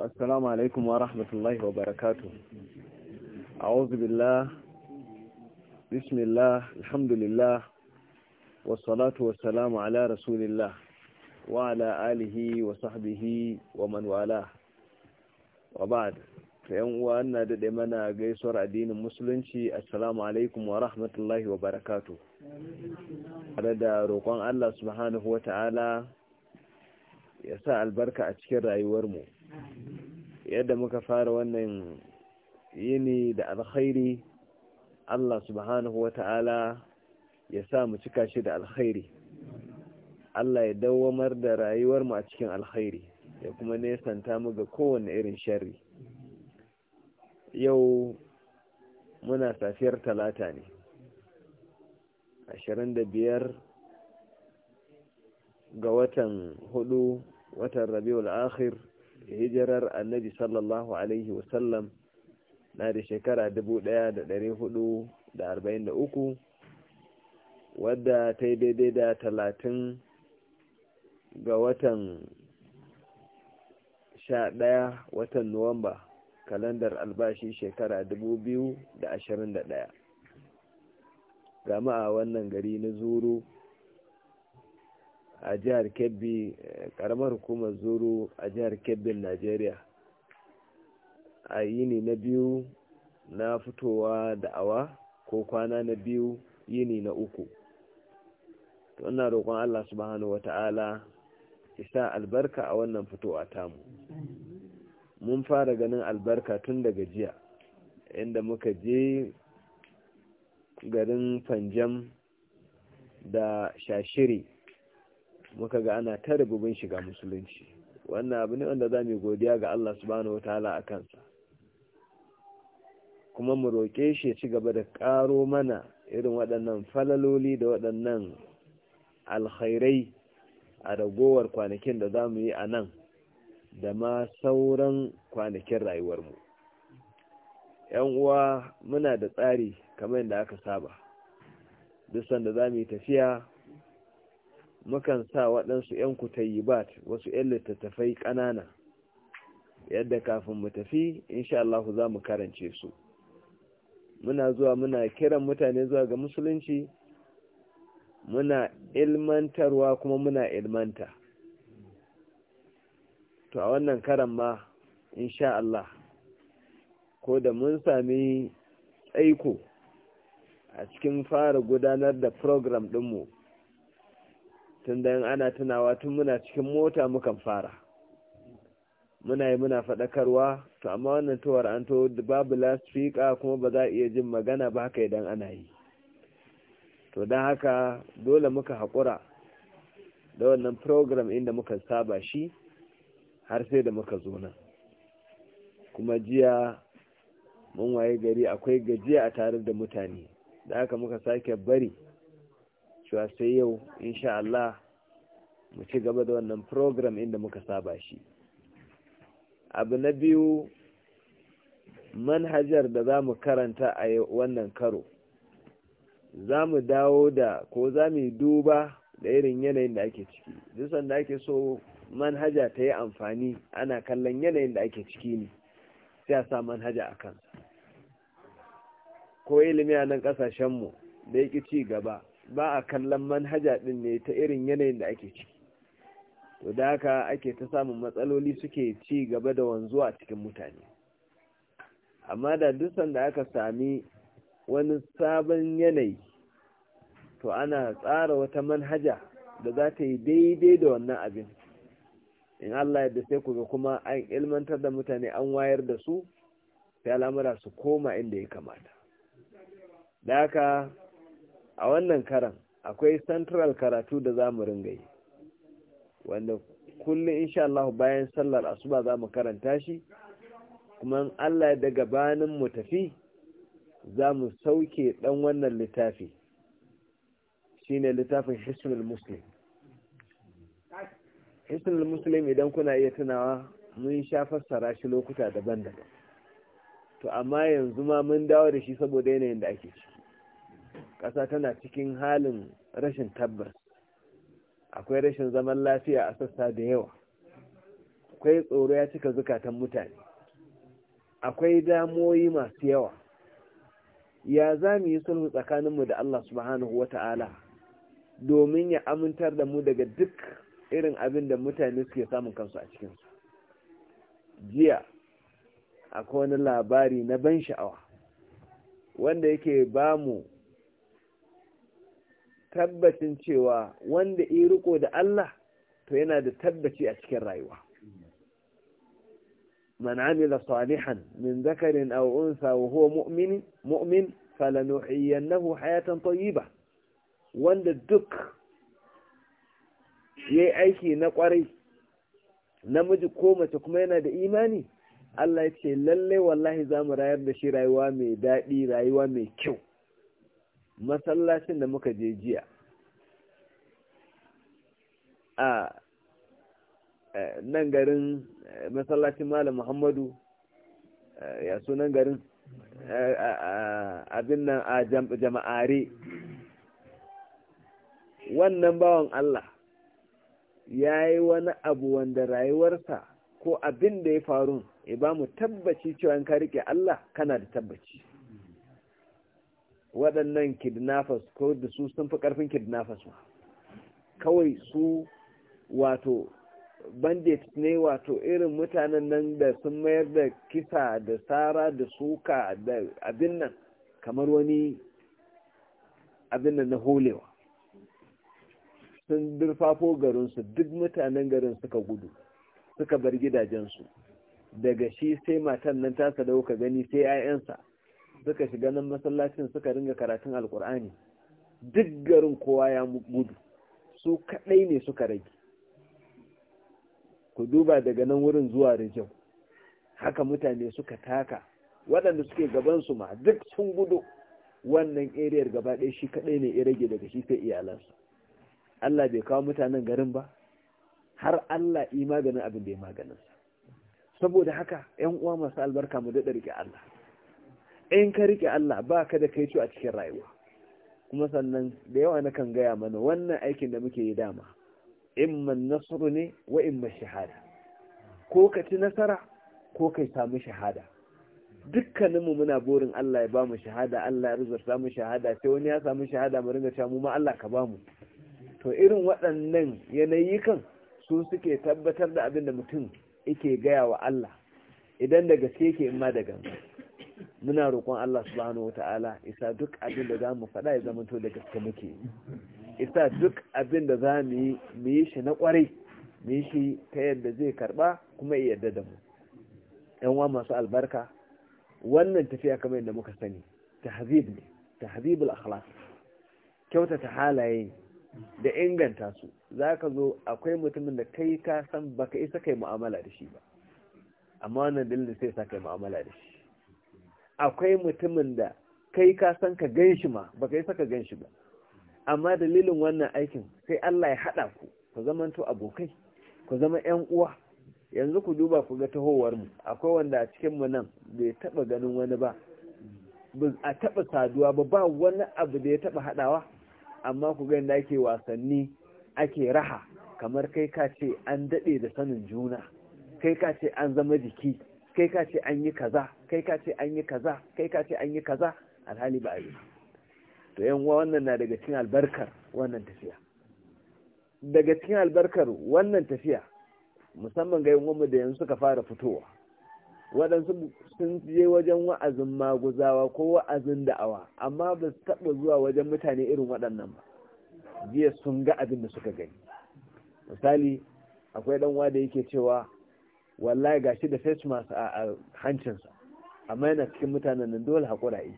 السلام عليكم ورحمة الله وبركاته أعوذ بالله بسم الله الحمد لله والصلاة والسلام على رسول الله وعلى آله وصحبه ومن والاه وبعد فيوم وأن دمنا قيسر الدين المسلم السلام عليكم ورحمة الله وبركاته لدى روقان الله سبحانه وتعالى ya sa albarka a cikin rayuwarmu yadda muka fara wannan yini da alkhairi Allah subhanahu wa ta'ala ya sa mu cika shi da alkhairi Allah ya dawwamar da rayuwar mu a cikin alkhairi ya kuma nesanta mu ga kowane irin sharri yau muna safiyar talata ne 25 ga watan hudu watan rabiul akhir hijirar annabi sallallahu alaihi wasallam na da shekara uku wadda ta yi daidai da talatin ga watan sha ɗaya watan nuwamba kalandar albashi shekara da ashirin 2021 gama a wannan gari na zuru a jihar kebbi karamar hukumar zuru a jihar kebbin nigeria a yini na biyu na fitowa da awa ko kwana na biyu yini na uku wannan roƙon allah subhanahu ta'ala isa albarka a wannan fitowa tamu mun fara ganin albarka tun daga jiya inda muka je garin fanjam da shashiri muka ga ana ta rububin shiga musulunci wannan abu ne wanda za mu godiya ga Allah subhanahu wataala a kansa kuma mu roƙe shi ya ci gaba da ƙaro mana irin waɗannan falaloli da waɗannan alkhairai a ragowar kwanakin da za mu yi a nan da ma sauran kwanakin rayuwarmu ‘yan uwa muna da tsari kamar yadda aka saba duk sanda za mu yi tafiya mukan sa waɗansu 'yan kutayibat wasu 'yan littattafai ƙanana yadda kafin mu tafi insha Allah za mu karance su muna zuwa muna kiran mutane zuwa ga musulunci muna ilmantarwa kuma muna ilmanta to a wannan karan ma insha Allah ko da mun sami tsaiko a cikin fara gudanar da program ɗinmu tun dan ana tunawa tun muna cikin mota mukan fara muna yi muna faɗakarwa to amma wannan tuwar an to babu lasfika kuma ba za a iya jin magana ba haka idan ana yi to don haka dole muka haƙura da wannan program inda muka saba shi har sai da muka zo nan kuma jiya mun waye gari akwai gajiya a tare da mutane da haka muka sake bari cewa sai yau insha Allah mu ci gaba da wannan program inda muka saba shi abu na biyu manhajar da za mu karanta a wannan karo za mu dawo da ko za mu duba da irin yanayin da ake ciki dusan da ake so manhaja ta yi amfani ana kallon yanayin da ake ciki ne sai a sa manhaja a kansa ko ilimi a nan kasashenmu da ya ci gaba ba a kallon manhaja ɗin ne ta irin yanayin da ake ciki to da haka ake ta samun matsaloli suke ci gaba da wanzuwa a cikin mutane amma da duk sanda aka sami wani sabon yanayi to ana tsara wata manhaja da za ta yi daidai da wannan abin in Allah yadda sai ku kuma an ilmantar da mutane an wayar da su sai al'amura su koma inda ya kamata da haka a wannan karan akwai central karatu da za mu ringa yi wanda kullum insha Allah bayan sallar asuba za mu karanta shi kuma Allah daga gabanin mu tafi za mu sauke dan wannan littafi shine littafin hisnul muslim hisnul muslim idan kuna iya tunawa mun sha fassara shi lokuta daban-daban to amma yanzu ma mun dawo da shi saboda yanayin da ake ciki ƙasa tana cikin halin rashin tabbas akwai rashin zaman lafiya a sassa da yawa akwai tsoro ya cika zukatan mutane akwai damoyi masu yawa ya za mu yi sulhu tsakaninmu da Allah subhanahu wa ta'ala domin ya amintar da mu daga duk irin abin da mutane suke samun kansu a cikinsu jiya akwai wani labari na ban sha'awa wanda yake ba mu tabbacin cewa wanda yi riko da Allah to yana da tabbaci a cikin rayuwa man amila salihan min zakarin aw unsa wa huwa mu'min mu'min falanuhyiyannahu hayatan tayyiba wanda duk yayi aiki na kwarai namiji ko mace kuma yana da imani Allah ya ce lalle wallahi zamu rayar da shi rayuwa mai daɗi rayuwa mai kyau masallacin da muka je jiya a nan garin masallacin malam muhammadu ya sunan garin abin nan a jama'are wannan bawan Allah ya yi wani abu wanda rayuwarsa ko abin da ya faru ya ba mu tabbaci cewa in ka rike Allah kana da tabbaci waɗannan kidnappers ko da su sun fi ƙarfin kidnappers kawai su wato bandit ne wato irin mutanen nan da sun mayar da kisa da tsara da suka da abin nan kamar wani abin nan na holewa sun durfafo garinsu duk mutanen garin suka gudu suka bar gidajensu daga shi sai matan nan ta sadauka gani sai 'ya'yansa suka shiga nan masallacin suka ringa karatun alkur'ani duk garin kowa ya gudu su kaɗai ne suka rage ku duba daga nan wurin zuwa rijau haka mutane suka taka waɗanda suke gabansu ma duk sun gudu wannan eriyar gaba ɗaya shi kaɗai ne ya rage daga shi sai iyalansu. Allah bai kawo mutanen garin ba har Allah yi maganin abin da ya maganinsa saboda haka ‘yan uwa masu albarka mu daɗa riƙe Allah in ka riƙe Allah ba ka da kai a cikin rayuwa kuma sannan da yawa na kan gaya mana wannan aikin da muke yi dama In man nasru ne wa in man shahada ko ka ci nasara ko kai samu shahada dukkaninmu muna burin Allah ya ba mu shahada Allah ya rizurta mu shahada sai wani ya samu shahada mu ringa cewa mu ma Allah ka ba mu to irin waɗannan yanayi kan su suke tabbatar da abin da mutum yake gaya wa Allah idan daga gaske yake in ma daga gangan muna roƙon Allah subhanahu wata'ala isa duk abin da zamu faɗa ya zama to da gaske muke isa duk abin da za mu yi mu yi shi na ƙwarai mu yi shi ta yadda zai karɓa kuma ya yarda da mu ɗan uwa masu albarka wannan tafiya kamar yadda muka sani tahzib ne al akhlaq kyautata halaye da inganta su zaka zo akwai mutumin da kai ka san baka isa kai mu'amala da shi ba amma wannan dalilin sai sa kai mu'amala da shi akwai mutumin da kai ka san ka gan shi ma ba ka yi saka gan shi ba amma dalilin wannan aikin sai Allah ya haɗa ku ku zamanto abokai ku zama ƴan uwa yanzu ku duba ku ga tahowar mu akwai wanda a cikin mu nan bai taba ganin wani ba a taba saduwa ba ba wani abu da ya taba haɗawa amma ku ga inda ake wasanni ake raha kamar kai ka ce an daɗe da sanin juna kai ka ce an zama jiki kai ka ce an yi kaza kai ka ce an yi kaza kai ka ce an yi kaza alhali ba a to yan wannan na daga cikin albarkar wannan tafiya daga cikin albarkar wannan tafiya musamman ga yan da yanzu suka fara fitowa waɗansu sun je wajen wa'azin maguzawa ko wa'azin da'awa amma ba su taɓa zuwa wajen mutane irin waɗannan ba jiya sun ga abin da suka gani misali akwai ɗan da yake cewa wallahi gashi da face mask a hancinsa amma yana cikin mutanen nan dole haƙura yi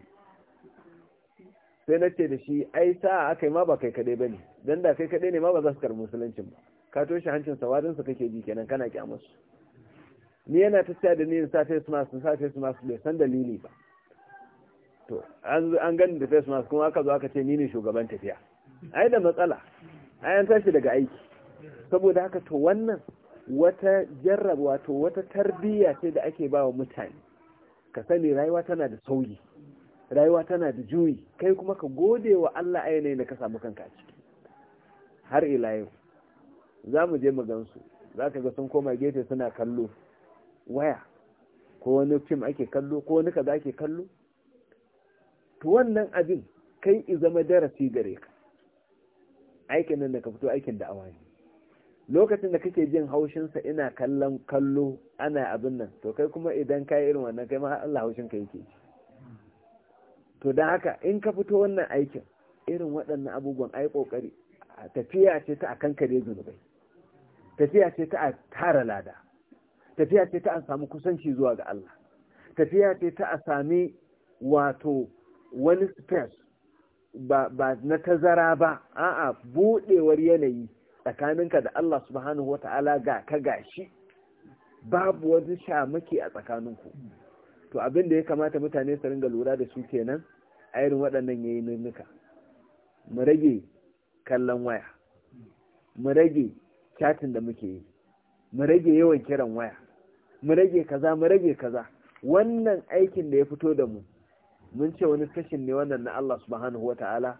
sai na ce da shi ai sa aka yi ma ba kai kaɗai ba ne don da kai kaɗai ne ma ba za su karɓi musuluncin ba ka toshe hancinsa sawarinsa kake ji kenan kana kyamarsu ni yana ta da ni sa face mask sa face mask bai san dalili ba to an gani da face mask kuma aka zo aka ce ni ne shugaban tafiya ai da matsala ai an tashi daga aiki saboda haka to wannan wata jarraba wato wata tarbiyya ce da ake ba wa mutane ka sani rayuwa tana da sauyi rayuwa tana da juyi kai kuma ka gode wa Allah a yanayin da ka samu kanka a ciki har ila yau za mu je mu gansu za ka ga sun koma gefe suna kallo waya ko wani fim ake kallo ko wani kaza ake kallo to wannan abin kai i zama darasi gare ka aikin nan da ka fito aikin da'awa ne lokacin da kake jin haushinsa ina kallon kallo ana abin nan to kai kuma idan ka irin wannan kai ma Allah haushin ka yake to da haka in ka fito wannan aikin irin waɗannan abubuwan ai kokari tafiya ce ta akan kare zunubai tafiya ce ta tara lada tafiya ce ta a samu kusanci zuwa ga Allah tafiya ce ta a sami wato wani space ba na tazara ba a'a buɗewar yanayi tsakaninka da Allah subhanahu wa ta'ala ga ka gashi babu wani shamaki a tsakaninku to abin da ya kamata mutane su ringa lura da su kenan a irin waɗannan yayi nunnuka mu rage kallon waya mu rage chatin da muke yi mu rage yawan kiran waya mu rage kaza mu rage kaza wannan aikin da ya fito da mu mun ce wani sashin ne wannan na Allah subhanahu wa ta'ala,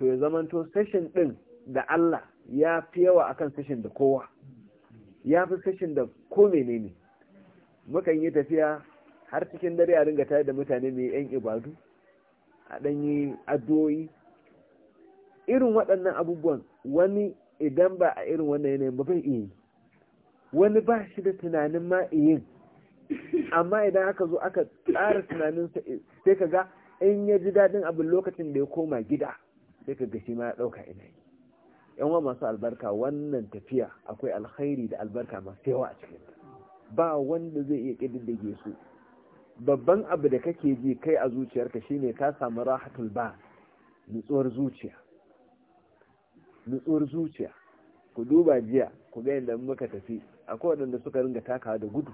to ya zamanto sashin ɗin da Allah ya fi yawa akan sashin da kowa ya fi sashin da ko menene mukan yi tafiya har cikin dare a ringa tare da mutane mai yan ibadu a ɗanyi addu'o'i irin waɗannan abubuwan wani idan ba a irin wannan yanayin ba bai iya wani ba shi da tunanin ma yin amma idan aka zo aka tsara tunanin sai ka ga in ya ji daɗin abin lokacin da ya koma gida sai ka ga shi ma ya ɗauka ina yi yan wa masu albarka wannan tafiya akwai alkhairi da albarka masu yawa a cikin ba wanda zai iya kididdige su babban abu da kake ji kai a zuciyarka shine ka samu rahatul ba nutsuwar zuciya nutsuwar zuciya ku duba jiya ku ga yadda muka tafi akwai waɗanda suka ringa takawa da gudu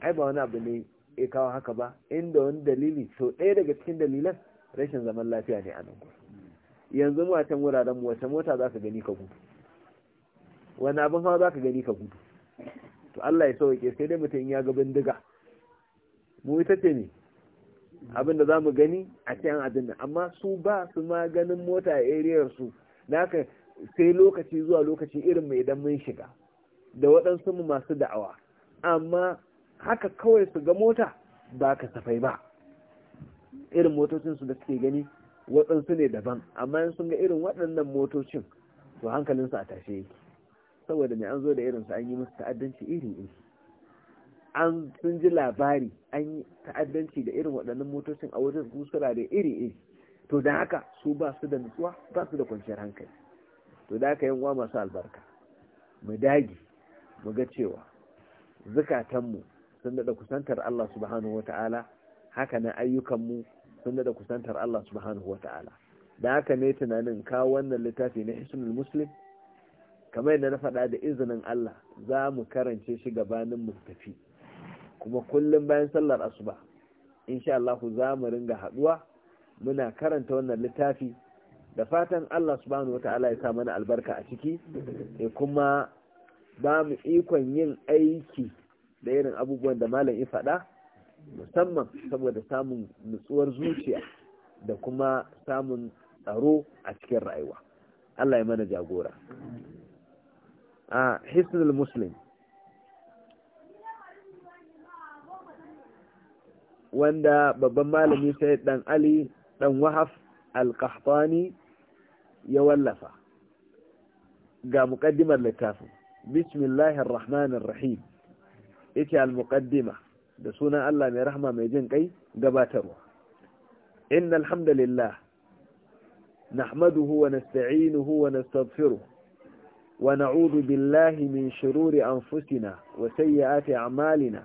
ai ba wani abu ne ya kawo haka ba inda wani dalili sau ɗaya daga cikin dalilan rashin zaman lafiya ne a nan gudu yanzu mu a can wuraren mu wata mota za ka gani ka gudu wani abin hawa za ka gani ka gudu to Allah ya sauke sai dai mutum ya ga bindiga mu ita ce ne abinda za mu gani a cikin adinna amma su ba su ma ganin mota a ariyar su da haka sai lokaci zuwa lokaci irin mai idan mun shiga da waɗansu mu masu da'awa amma haka kawai su ga mota ba kasafai ba irin motocinsu da suke gani waɗansu ne daban amma sun ga irin waɗannan motocin to hankalinsu a tashe yake saboda mai an zo da irinsu an yi musu ta'addanci iri iri an sun ji labari an yi ta'addanci da irin waɗannan motocin a wajen gusura da iri iri to da haka su ba su da nutsuwa ba su da kwanciyar hankali to da haka yanwa masu albarka mu dagi mu ga cewa zukatanmu sun daɗa kusantar Allah subhanahu wa ta'ala haka na ayyukanmu sunna da kusantar Allah subhanahu wa ta'ala da haka ne tunanin kawo wannan littafi na hisnul muslim kamar yadda na faɗa da izinin Allah za mu karance shi gabanin mu tafi kuma kullum bayan sallar asuba insha Allah za mu ringa haɗuwa muna karanta wannan littafi da fatan Allah subhanahu wa ta'ala ya sa mana albarka a ciki E kuma ba mu ikon yin aiki da irin abubuwan da malam ya faɗa musamman saboda samun nutsuwar zuciya da kuma samun tsaro a cikin rayuwa Allah ya mana jagora a hisnul muslim wanda babban malami sai dan ali dan wahaf al ya wallafa ga muqaddimar littafin bismillahir rahmanir rahim ita al muqaddimah da sunan Allah mai rahama mai jin kai gabatarwa innal hamdalillah nahmaduhu wa nasta'inuhu wa nastaghfiruh wa na'udhu billahi min shururi anfusina wa sayyiati a'malina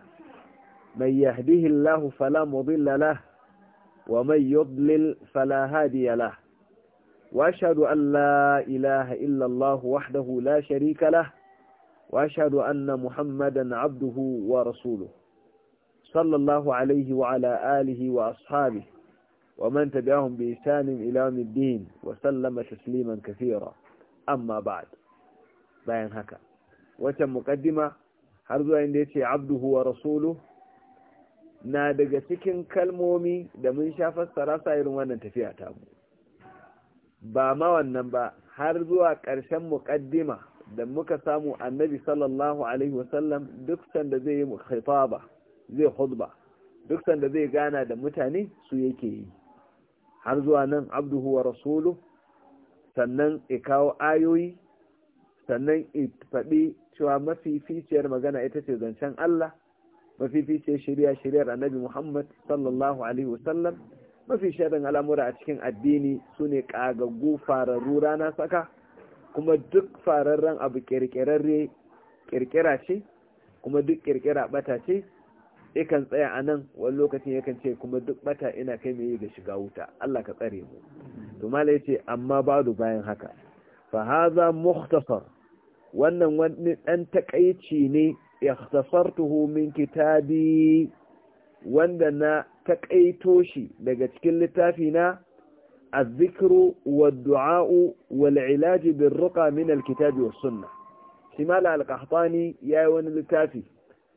man yahdihillahu fala mudilla lahu wa man yudlil fala hadiya lahu وأشهد أن لا إله wahdahu la وحده washadu شريك له وأشهد أن محمدا عبده صلى الله عليه وعلى آله وأصحابه ومن تبعهم بإحسان إلى يوم الدين وسلم تسليما كثيرا أما بعد بيان هكا وتم مقدمة هرزو عندي عبده ورسوله na daga cikin kalmomi da mun sha fassara sa irin wannan tafiya ta mu ba ma wannan ba har zuwa ƙarshen muƙaddima da muka samu annabi sallallahu alaihi duk sanda zai yi zai khutba duk sanda zai gana da mutane su yake yi har zuwa nan abduhu wa rasulu sannan ya kawo ayoyi sannan ya faɗi cewa mafificiyar magana ita ce zancen Allah mafificiyar shirya shiryar annabi Muhammad sallallahu alaihi wasallam mafi shaɗin al'amura a cikin addini sune ne ƙagaggu fararru rana saka kuma duk fararren abu ƙirƙirarre ƙirƙira ce kuma duk ƙirƙira ɓata ce yakan tsaya a nan wani lokacin yakan ce kuma duk bata ina kai mai ga shiga wuta Allah ka tsare mu to malai ce amma badu bayan haka fa hadha mukhtasar wannan wani dan takaici ne ikhtasartuhu min kitabi wanda na takaito shi daga cikin littafi na min al-kitabi was-sunnah shi malai al-qahtani yayi wani littafi.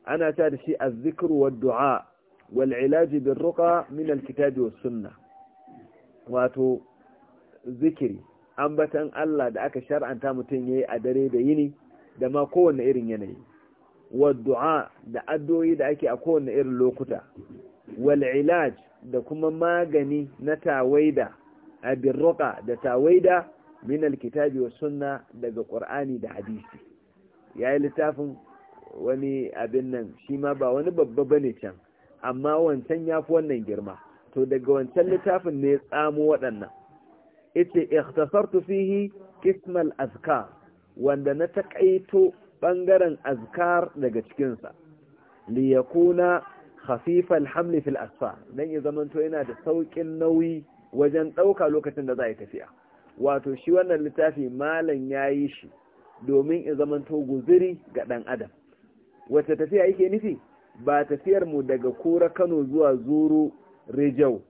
ana sa da shi azzikr wa du'a wal ilaj min al kitabi was wato zikiri ambatan Allah da aka shar'anta mutum yayi a dare da yini da ma kowanne irin yanayi wa du'a da addu'o'i da ake a kowanne irin lokuta wal da kuma magani na tawaida a bil da tawaida min al kitabi was sunna daga qur'ani da hadisi yayi littafin wani abin nan shi ma ba wani babba bane can amma wancan ya fi wannan girma to daga wancan littafin ne tsamo waɗannan ita ikhtasartu fihi Kismal azkar wanda na taƙaito ɓangaren azkar daga cikinsa liyakuna khafifal hamli fil asfa dan ya zamanto yana da sauƙin nauyi wajen ɗauka lokacin da za a yi tafiya wato shi wannan littafi malam ya yi shi domin ya zamanto guziri ga ɗan adam Wace tafiya yake nufi ba tafiyar mu daga kura kano zuwa zuru rejau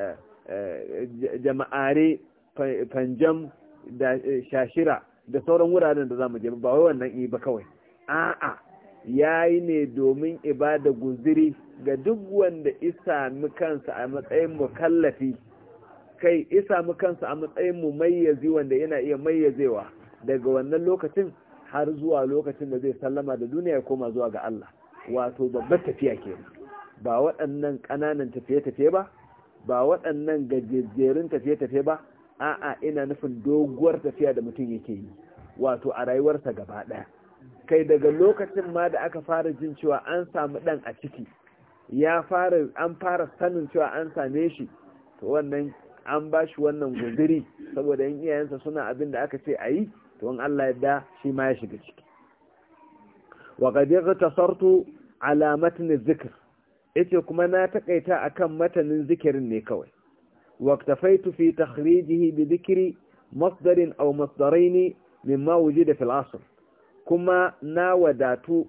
eh, eh, jama'are fanjam da eh, shashira da sauran wuraren da za mu je ba wai wannan yi ba kawai a'a ya yi ne domin ibada guziri ga duk wanda isa mu kansa a matsayin mukallafi kai isa mu kansa a matsayin mu mayyazi wanda yana iya mayyazewa daga wannan lokacin har zuwa lokacin da zai sallama da duniya ya koma zuwa ga Allah wato babbar tafiya ke ba waɗannan ƙananan tafiye-tafiye ba ba waɗannan gajejjerun tafiye-tafiye ba a'a ina nufin doguwar tafiya da mutum yake yi wato a rayuwarsa gaba ɗaya kai daga lokacin ma da aka fara jin cewa an samu ɗan a ciki ya fara an fara sanin cewa an same shi to wannan an ba shi wannan guziri saboda yan iyayensa suna abin da aka ce a yi to in Allah yadda shi ma ya shiga ciki wa qad ightasartu ala matn adh-dhikr yace kuma na takaita akan matanin zikirin ne kawai wa iktafaitu fi takhrijihi bi dhikri masdarin aw masdarain mimma wujida al asr kuma na wadatu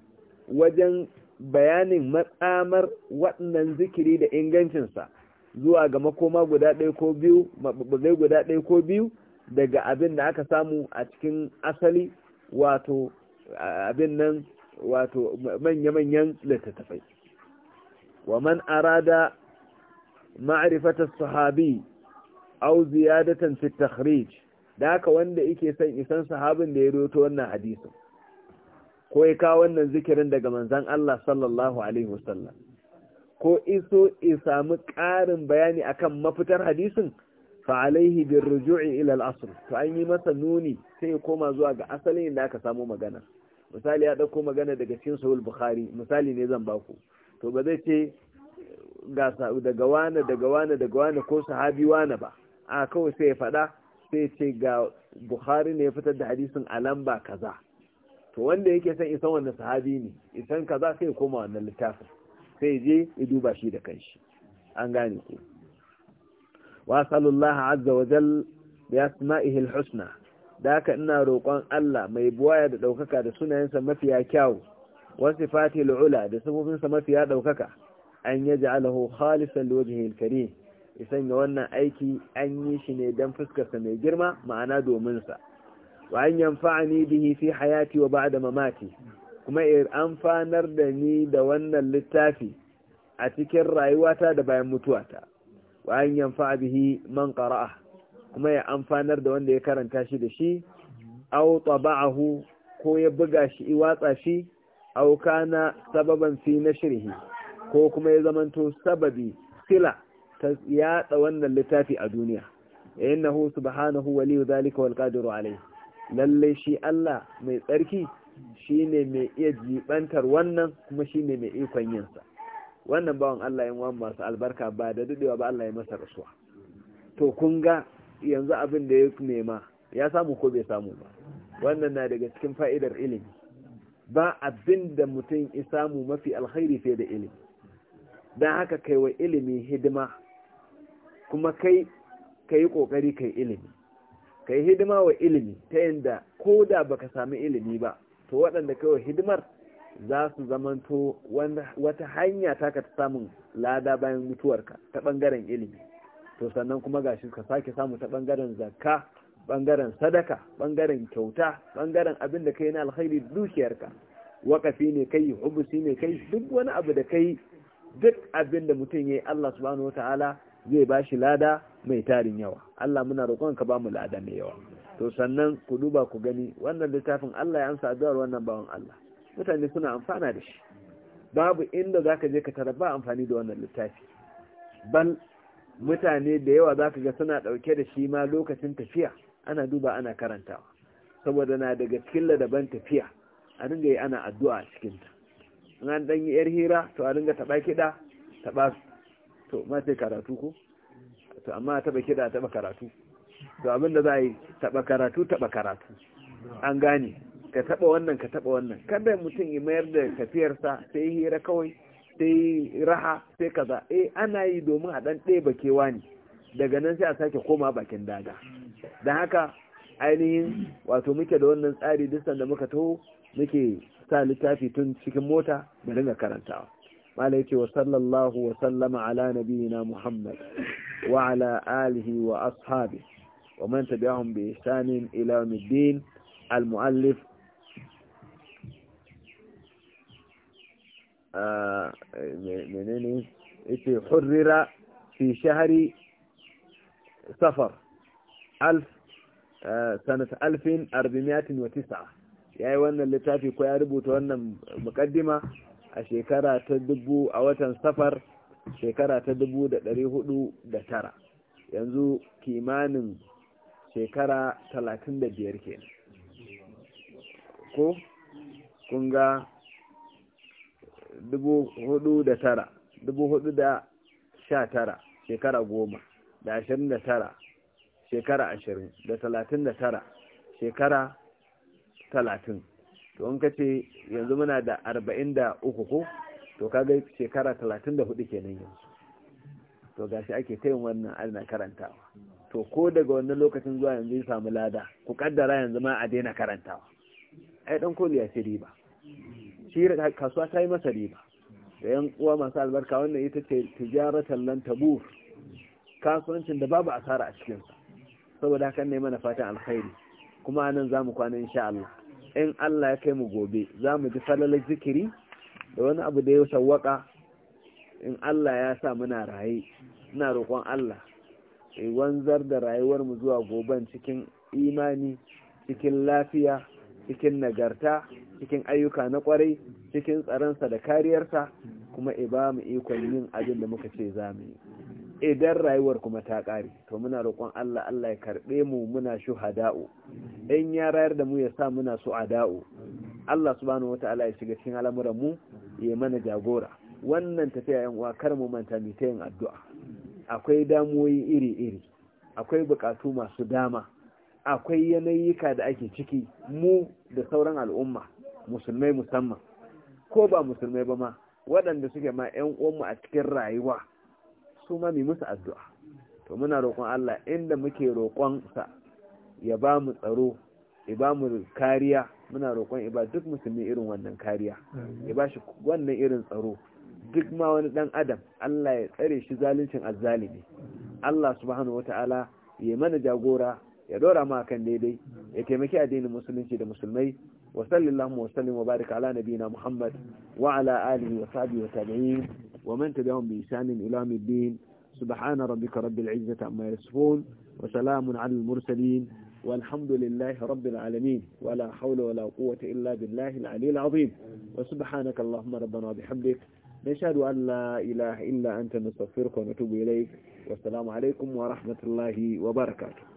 wajen bayanin matsamar wannan zikiri da ingancinsa zuwa ga makoma guda ɗaya ko biyu maɓuɓɓugai guda ɗaya ko biyu daga abin da aka samu a cikin asali wato abin nan wato manya-manyan littattafai wa man arada ma'arifata sahabi au ziyadatan fi takhrij da haka wanda yake son isan sahabin da ya roto wannan hadisin ko ya kawo wannan zikirin daga manzan Allah sallallahu alaihi wasallam ko iso ya samu ƙarin bayani akan mafitar hadisin fa alaihi bin ruju'i ila al to an yi masa nuni sai ya koma zuwa ga asalin da aka samu magana misali ya dauko magana daga cikin sahih bukhari misali ne zan baku to ba zai ce ga daga wani daga wani daga wani ko sahabi wani ba a kawai sai ya faɗa sai ce ga bukhari ne ya fitar da hadisin alamba ba kaza to wanda yake san isan wannan sahabi ne isan kaza sai ya koma wannan littafin sai je ya duba shi da kanshi an gane ku وأسأل الله عز وجل بأسمائه الحسنى ذاك إنا روقان الله ما يبوايا دوكك دا سنة ينسى مفيا كاو وصفاته العلا دا سبب ينسى مفيا دوكك أن يجعله خالصا لوجهه الكريم يسنى وانا أيكي أن يشني دم فسك سمي جرما معنا دو منسى وأن ينفعني به في حياتي وبعد مماتي kuma amfanar da ni da wannan littafi a cikin rayuwata da bayan mutuwata wa an yanfa bihi man qara'a kuma ya amfanar da wanda ya karanta shi da shi aw taba'ahu ko ya buga shi iwatsa shi aw kana sababan fi nashrihi ko kuma ya zamanto sababi sila ta yatsa wannan littafi a duniya innahu subhanahu waliyu zalika wal qadiru alayhi lalle shi Allah mai tsarki shine mai iya jibantar wannan kuma shine mai ikon yinsa wannan bawan Allah yin wani masu albarka ba da dudewa ba Allah ya masa rasuwa to kun ga yanzu abin da ya nema ya samu ko bai samu ba wannan na daga cikin fa'idar ilimi ba abin da mutum ya samu mafi alkhairi fiye da ilimi don haka kai wa ilimi hidima kuma kai ka yi ƙoƙari kai ilimi kai hidima wa ilimi ta yadda ko da baka sami ilimi ba to waɗanda kai wa hidimar za su zamanto wata hanya taka ta samun lada bayan mutuwarka ta bangaren ilimi to sannan kuma shi ka sake samu ta bangaren zakka bangaren sadaka bangaren kyauta bangaren abin da kai na alkhairi dukiyarka wakafi ne kai hubusi ne kai duk wani abu da kai duk abin da mutum yayi Allah subhanahu wataala zai ba shi lada mai tarin yawa Allah muna roƙon ka ba mu lada mai yawa to sannan ku duba ku gani wannan littafin Allah ya ansa addu'ar wannan bawan Allah mutane suna amfana da shi babu inda za ka je ka tara ba amfani da wannan littafi bal mutane da yawa za ka ga suna ɗauke da shi ma lokacin tafiya ana duba ana karantawa saboda na daga cikin ladaban tafiya a dinga yi ana addu'a a cikinta in an ɗan yi yar hira to a dinga taɓa kiɗa taɓa to ma sai karatu ko to amma taɓa kiɗa taɓa karatu to abin da za a yi taɓa karatu taɓa karatu an gane ka taba wannan ka taba wannan kada mutum ya mayar da tafiyarsa sai hira kawai sai raha sai kaza eh ana yi domin a dan ɗaya kewa ne daga nan sai a sake koma bakin daga don haka ainihin wato muke da wannan tsari duk da muka taho muke sa littafi tun cikin mota da dinga karantawa malai ce wa sallallahu wa sallama ala nabiyina muhammad wa ala alihi wa ashabi wa man tabi'ahum bi ihsanin ila yawmiddin al muallif menene ita hurrira fi shahari safar alf sanat alfin arbimiyatin wa ya yi wannan littafi ko ya rubuta wannan mukaddima a shekara ta dubu a watan safar shekara ta dubu da ɗari hudu da tara yanzu kimanin shekara talatin da biyar ke ko kunga dubu hudu da tara dubu hudu da sha tara shekara goma da ashirin da tara shekara ashirin da talatin da tara shekara talatin to in ka ce yanzu muna da arba'in da uku ko to kaga shekara talatin da hudu kenan yanzu to gashi ake ta yin wannan ana karantawa to ko daga wannan lokacin zuwa yanzu ya samu lada ku kaddara yanzu ma a daina karantawa ai dan ya ce riba shi kasuwa ta yi masa riba da yan uwa masu albarka wannan ita ce tijaratan lan tabur kasuwancin da babu asara a cikin sa saboda haka ne mana fatan alkhairi kuma nan zamu kwana insha Allah in Allah ya kai mu gobe za mu ji falalar zikiri da wani abu da ya sawwaka in Allah ya sa muna raye ina roƙon Allah wanzar da rayuwar mu zuwa goben cikin imani cikin lafiya cikin nagarta cikin ayyuka na kwarai cikin tsaronsa da kariyarsa kuma ba mu ikon yin abin da muka ce za mu yi idan rayuwar kuma ta ƙare to muna roƙon Allah Allah ya karɓe mu muna shu shuhada'u in ya rayar da mu ya sa muna su da'u? Allah subhanahu wata'ala ya shiga cikin al'amuran mu ya mana jagora wannan tafiya yan uwa kar mu manta mu ta yin addu'a akwai damuwoyi iri-iri akwai bukatu masu dama akwai yanayika da ake ciki mu da sauran al'umma musulmai musamman ko ba musulmai ba ma waɗanda suke ma 'yan uwanmu a cikin rayuwa su ma mai musu addu'a to muna roƙon Allah inda muke sa ya ba mu tsaro ya ba mu kariya muna roƙon ya ba duk musulmi irin wannan kariya ya ba shi wannan irin tsaro duk ma wani ɗan adam Allah ya tsare shi zaluncin azzalimi Allah subhanahu wata'ala ya mana jagora ya dora ma akan daidai ya taimaki addinin musulunci da musulmai wa sallallahu wa sallim wa barika ala nabiyina muhammad wa ala alihi wa sahbihi wa tabi'in wa man tabi'ahum bi ihsan ila yawmiddin subhana rabbika rabbil izzati amma yasifun wa salamun ala al mursalin والحمد لله رب العالمين ولا حول ولا قوة إلا بالله العلي العظيم وسبحانك اللهم ربنا وبحمدك نشهد أن لا إله إلا أنت نستغفرك ونتوب إليك والسلام عليكم ورحمة الله وبركاته